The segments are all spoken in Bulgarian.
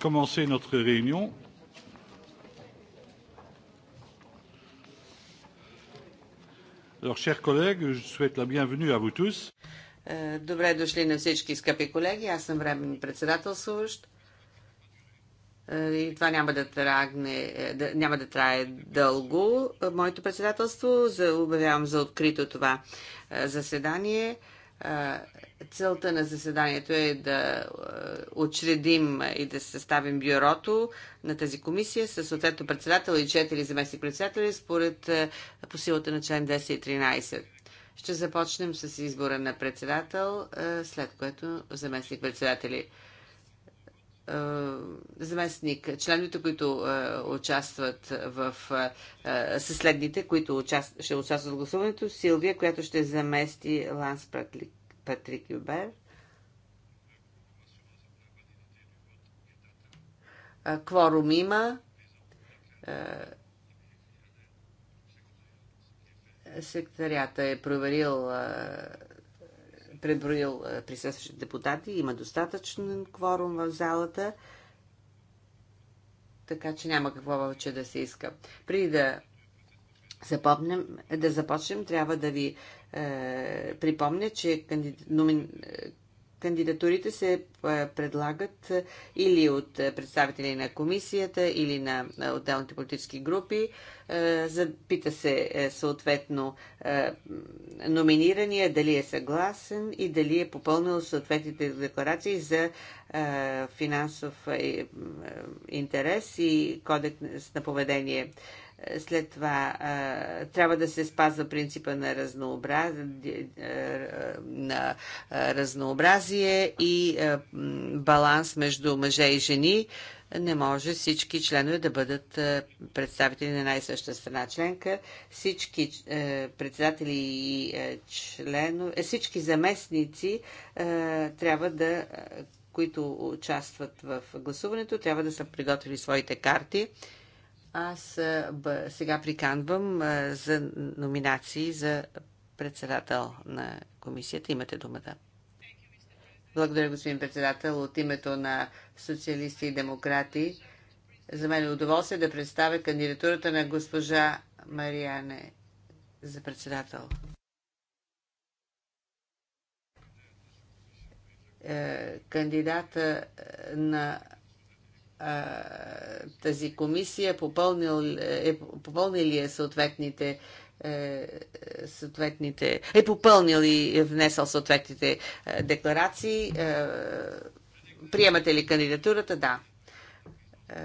commencer notre réunion. Alors, chers collègues, je souhaite la bienvenue à vous tous. Е, добре дошли на всички скъпи колеги. Аз съм временно председателстващ. Е, и това няма да, трагне, е, да, няма да трае дълго моето председателство. За, обявявам за открито това заседание. Целта на заседанието е да е, учредим и да съставим бюрото на тази комисия с съответно председател и четири заместни председатели според е, по силата на член 213. Ще започнем с избора на председател, е, след което заместник председатели. Заместник, членовете, които участват в съследните, които ще участват в гласуването, Силвия, която ще замести Ланс Пратлик Патрик Юбер. Кворум има. Секретарията е проверил, преброил присъстващите депутати. Има достатъчен кворум в залата. Така че няма какво повече да се иска. Преди да запомнем, да започнем, трябва да ви е, припомня, че е, кандидатурите се е, предлагат е, или от представители на комисията, или на отделните политически групи. Е, запита се е, съответно е, номинирания дали е съгласен и дали е попълнил съответните декларации за финансов интерес и кодекс на поведение. След това трябва да се спазва принципа на, разнообраз... Е, на разнообразие и е, баланс между мъже и жени. Не може всички членове да бъдат е, представители на най съща страна членка. Всички председатели и членове, всички заместници трябва да които участват в гласуването, трябва да са приготвили своите карти. Аз сега приканвам за номинации за председател на комисията. Имате думата. Благодаря, господин председател. От името на социалисти и демократи, за мен е удоволствие да представя кандидатурата на госпожа Мариане за председател. Е, кандидата е, на тази комисия попълнил, е попълнил ли е съответните е, съответните, е попълнил и е внесъл съответните е, декларации. Е, приемате ли кандидатурата? Да. Е,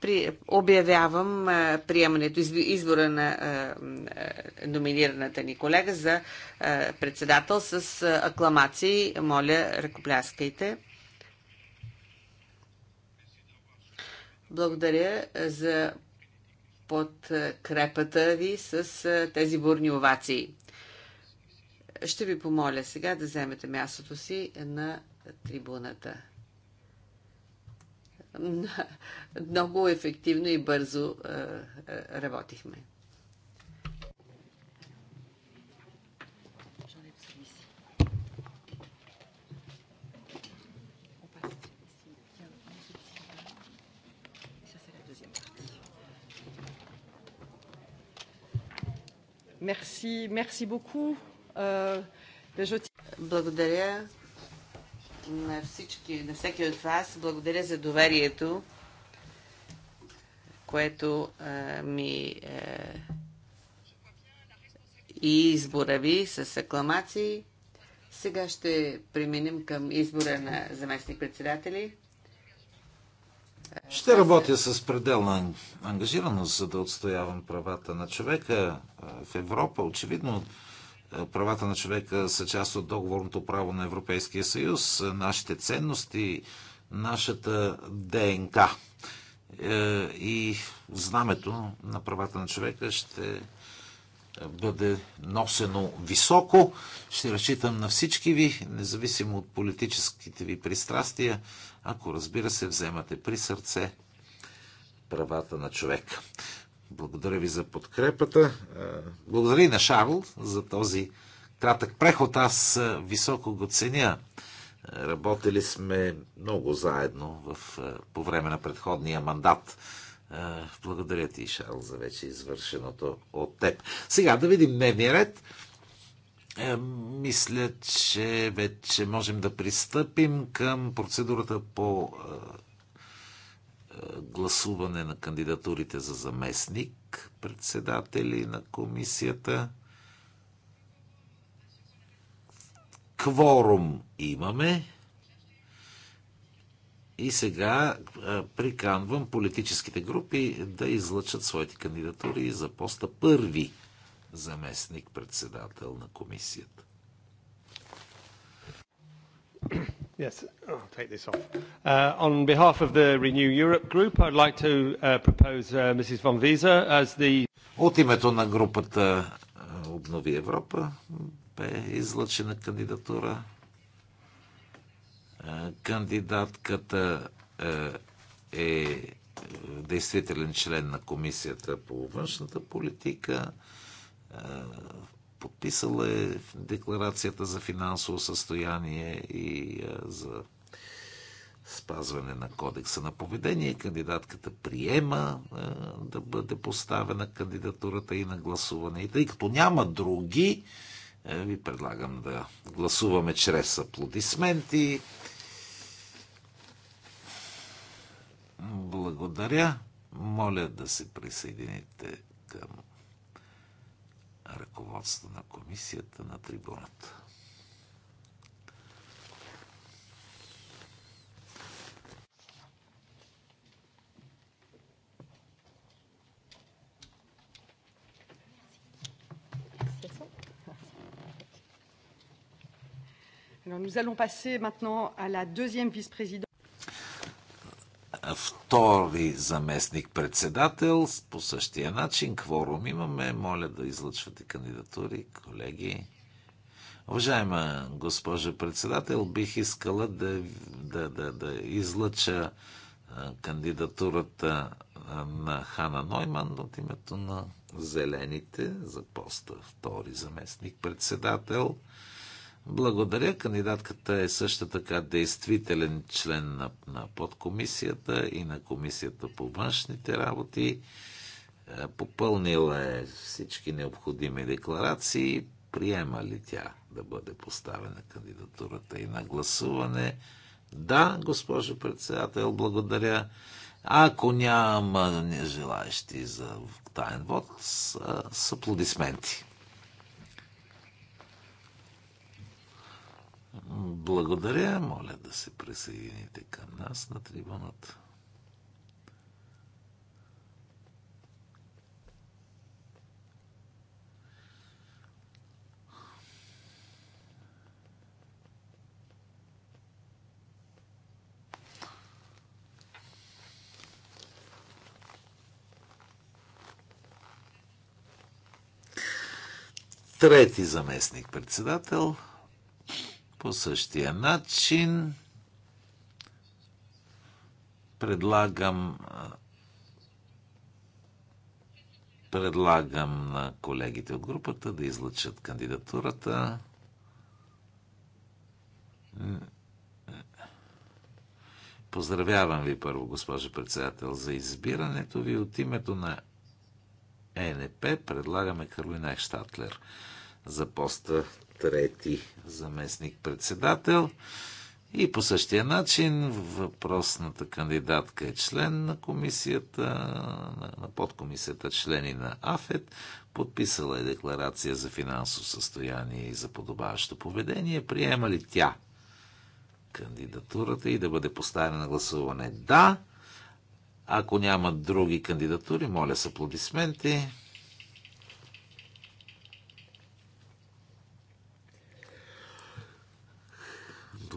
при, обявявам е, приемането, избора на е, номинираната ни колега за председател с акламации. Моля, ръкопляскайте. Благодаря е, за подкрепата ви с е, тези бурни овации. Ще ви помоля сега да вземете мястото си на трибуната. Много ефективно и бързо е, работихме. Merci, merci beaucoup. Euh, Благодаря на всички, на всеки от вас. Благодаря за доверието, което а, ми и избора ви с акламации. Сега ще преминем към избора на заместник-председатели. Ще работя с пределна ангажираност, за да отстоявам правата на човека в Европа. Очевидно, правата на човека са част от договорното право на Европейския съюз, нашите ценности, нашата ДНК. Е, и знамето на правата на човека ще бъде носено високо. Ще разчитам на всички ви, независимо от политическите ви пристрастия, ако разбира се вземате при сърце правата на човека. Благодаря ви за подкрепата. Е, благодаря и на Шарл за този кратък преход. Аз е, високо го ценя. Е, работили сме много заедно в, по време на предходния мандат. Благодаря ти, Шарл, за вече извършеното от теб. Сега да видим дневния ред. Е, мисля, че вече можем да пристъпим към процедурата по гласуване на кандидатурите за заместник председатели на комисията. Кворум имаме. И сега приканвам политическите групи да излъчат своите кандидатури за поста първи заместник председател на комисията. Yes, I'll take this off. Uh, on behalf of the Renew Europe group, I'd like to uh, propose uh, Mrs. Von Visa as the... От името на групата uh, Обнови Европа бе излъчена кандидатура Кандидатката е действителен член на Комисията по външната политика. Подписала е декларацията за финансово състояние и за спазване на кодекса на поведение. Кандидатката приема да бъде поставена кандидатурата и на гласуване. И тъй като няма други, ви предлагам да гласуваме чрез аплодисменти. Благодаря. Моля да се присъедините към ръководство на комисията на трибуната. Alors nous allons passer maintenant à la deuxième vice-présidente втори заместник-председател. По същия начин кворум имаме. Моля да излъчвате кандидатури, колеги. Уважаема госпожа председател, бих искала да, да, да, да излъча кандидатурата на Хана Нойман от името на Зелените за поста втори заместник-председател. Благодаря. Кандидатката е също така действителен член на, на подкомисията и на комисията по външните работи. Е, попълнила е всички необходими декларации. Приема ли тя да бъде поставена кандидатурата и на гласуване? Да, госпожо председател, благодаря. Ако няма желаещи за таен вод, с аплодисменти. Благодаря. Моля да се присъедините към нас на трибуната. Трети заместник председател – по същия начин предлагам предлагам на колегите от групата да излъчат кандидатурата. Поздравявам ви първо, госпожо председател, за избирането ви от името на ЕНП. Предлагаме Карлина Ехштатлер за поста трети заместник-председател. И по същия начин въпросната кандидатка е член на комисията, на подкомисията члени на АФЕД, подписала е декларация за финансово състояние и за подобаващо поведение. Приема ли тя кандидатурата и да бъде поставена на гласуване? Да. Ако няма други кандидатури, моля с аплодисменти.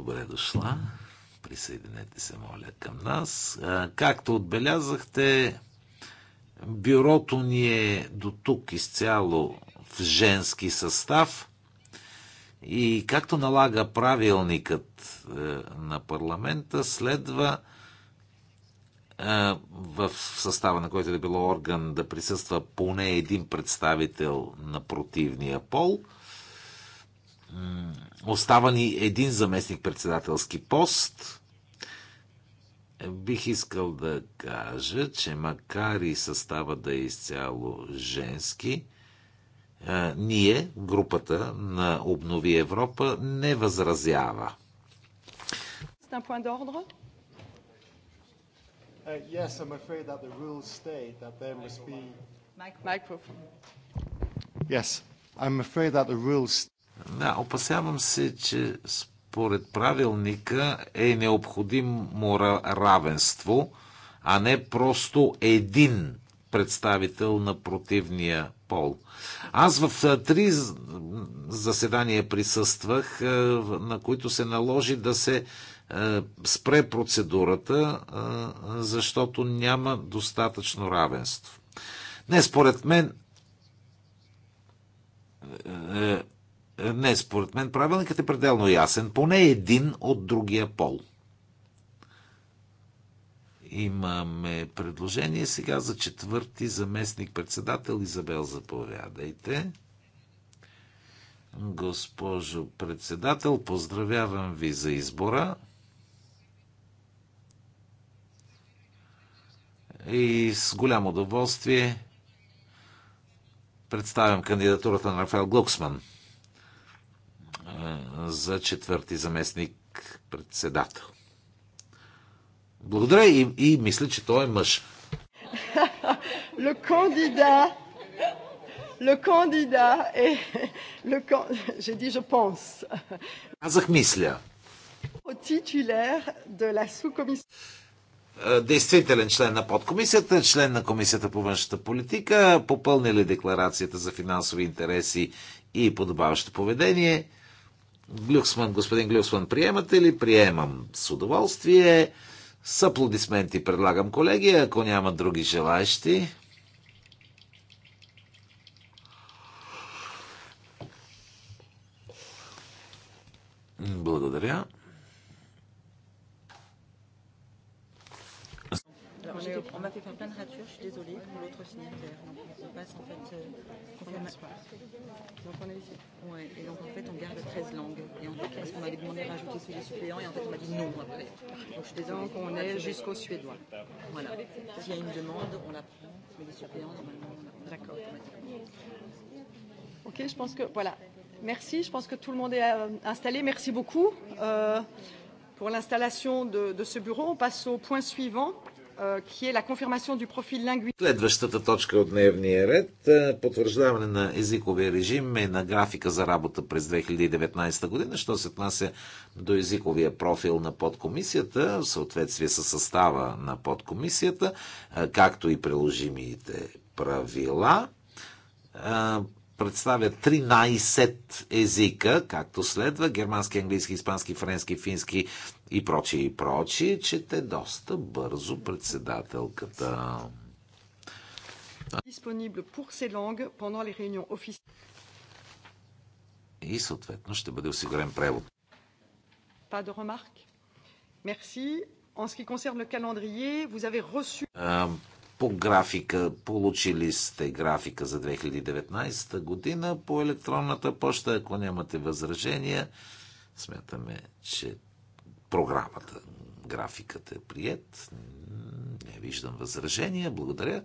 добре дошла. Присъединете се, моля, към нас. Както отбелязахте, бюрото ни е до тук изцяло в женски състав и както налага правилникът е, на парламента, следва е, в състава на който е било орган да присъства поне един представител на противния пол – Остава ни един заместник-председателски пост. Бих искал да кажа, че макар и състава да е изцяло женски, ние, групата на Обнови Европа, не възразява. Uh, yes, I'm afraid that the rules state that there must be... Microphone. Yes, I'm afraid that the rules... Да, опасявам се, че според правилника е необходимо равенство, а не просто един представител на противния пол. Аз в три заседания присъствах, на които се наложи да се спре процедурата, защото няма достатъчно равенство. Не, според мен е, е, не, според мен правилникът е пределно ясен. Поне един от другия пол. Имаме предложение сега за четвърти заместник-председател. Изабел, заповядайте. Госпожо председател, поздравявам ви за избора. И с голямо удоволствие представям кандидатурата на Рафаел Глоксман – за четвърти заместник председател. Благодаря и, и мисля, че той е мъж. Le candidat, le candidat le, je pense. Казах мисля. Titulaire de la е, действителен член на подкомисията, член на Комисията по външната политика, попълнили декларацията за финансови интереси и подобаващо поведение, Глюксман, господин Глюксман, приемате ли? Приемам с удоволствие. С аплодисменти предлагам колеги, ако няма други желащи. Благодаря. on, est, on m'a fait faire plein de ratures, je suis désolée, pour l'autre signataire. Donc on passe en fait. Euh, donc on est ici. Ouais, et donc en fait on garde 13 langues. Et en fait, parce qu'on avait demandé de rajouter celui suppléant et en fait on m'a dit non après. Donc je suis désolée. Donc on est jusqu'au suédois. Voilà. S'il y a une demande, on la prend, mais les suppléants, normalement, on D'accord. Ok, je pense que. Voilà. Merci, je pense que tout le monde est installé. Merci beaucoup. Euh, pour l'installation de, de ce bureau. On passe au point suivant. Следващата точка от дневния ред потвърждаване на езиковия режим и е на графика за работа през 2019 година, що се отнася до езиковия профил на подкомисията, в съответствие с състава на подкомисията, както и приложимите правила представя 13 езика, както следва германски, английски, испански, френски, фински и прочи и прочие, чете доста бързо председателката. И съответно ще бъде осигурен превод. Pas Merci. En ce qui concerne le calendrier, vous avez reçu по графика, получили сте графика за 2019 година по електронната почта. Ако нямате възражения, смятаме, че програмата, графикът е прият. Не виждам възражения. Благодаря.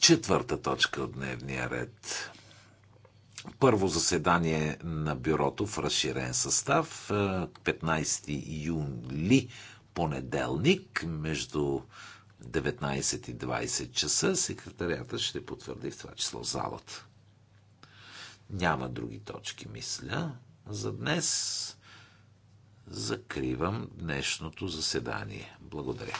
Четвърта точка от дневния ред първо заседание на бюрото в разширен състав 15 е, юли понеделник между 19 и 20 часа. Секретарията ще потвърди в това число залата. Няма други точки, мисля. За днес закривам днешното заседание. Благодаря.